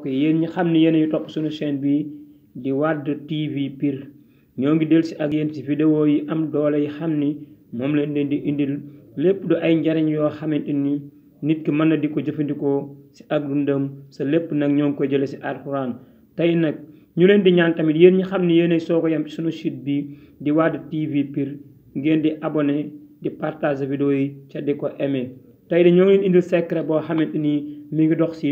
ok yéen ñi xam ne yéen yu topp suñu chaîne bi di Wade TV piir ñoo ngi dellu si ak yéen ci vidéo yi am doole yi xam ni moom lañ leen di indil lépp du ay njariñ yoo xamante ni nit ki mën na di ko jëfandikoo si ak dundam sa lépp nag ñoo ngi ko jëlee si alxuraan tey nag ñu leen di ñaan tamit yéen ñi xam ne yéen soo ko yam ci suñu site bi di Wade TV Pire ngeen di abonné di partager vidéo yi ca di ko emee tey de ñoo ngi leen indil secret boo xamante ni mi ngi dox si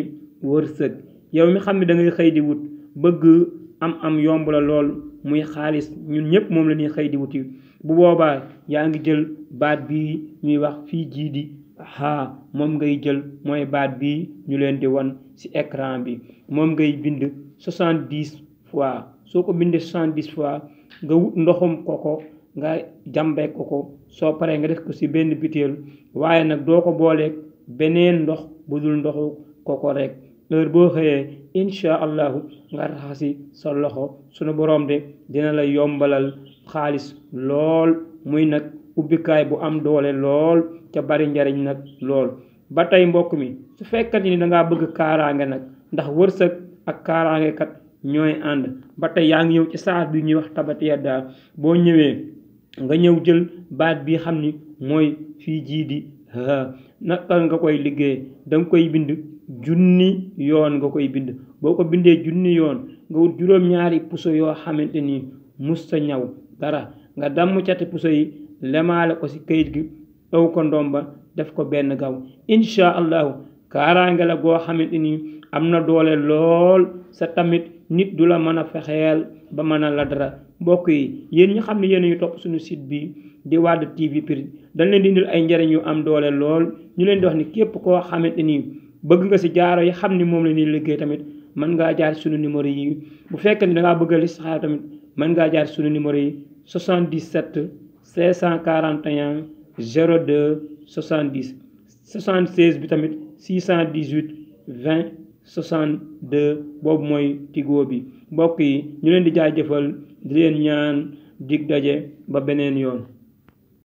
wërsëg yow mi xam ne da ngay xëy di wut bëgg am am yomb la lool muy xaalis ñun ñëpp moom la ñuy xëy di wuti bu boobaa yaa ngi jël baat bi ñuy wax fii jii di haa moom ngay jël mooy baat bi ñu leen di wan ci écran bi moom ngay bind soixante-dix fois soo ko bindee soixante-dix fois nga wut ndoxum koko nga jàmbee ko ko soo paree nga def ko ci benn butéel waaye nag doo ko booleeg beneen ndox bu dul ndoxu koko rek heure boo xëyee incha allahu nga raxasi sa loxo sunu borom de dina la yombalal xaalis lool muy nag ubbikaay bu am doole lool ca bari njariñ nag lool ba tey mbokk mi su fekkati ni dangaa bëgg kaaraange nag ndax wërsëg ak kaaraangekat ñooy ànd ba tey yaa ngi ñëw ci saar bi ñuy wax tabatiya daal boo ñëwee nga ñëw jël baat bi xam ni mooy fii jii di naka nga koy liggéey da nga koy bind junni yoon nga koy bind boo ko bindee junni yoon nga wut juróom-ñaari puso yoo xamante ni musta ñaw dara nga damm cati puso yi lemaale ko ci kayit gi ëw ko ndomba def ko benn gaw incha allahu kaaraange la goo xamante ni am na doole lool sa tamit nit du la mën a fexeel ba mën a la dara mbokk yi yéen ñi xam ne yéen ñu topp suñu site bi di Wade TV Prix dañ leen di indil ay njëriñ yu am doole lool ñu leen di wax ni képp koo xamante nii bëgg nga si jaaro yi xam ni moom la ñuy liggéey tamit mën ngaa jaar suñu numéro yi bu fekkee ni dangaa bëgg a listixaar tamit mën ngaa jaar suñu numéro yi 77 541 02 70 76 bi tamit 618 20 de boobu mooy Tigo bi mbokk yi ñu leen di jëfal di leen ñaan dig daje ba beneen yoon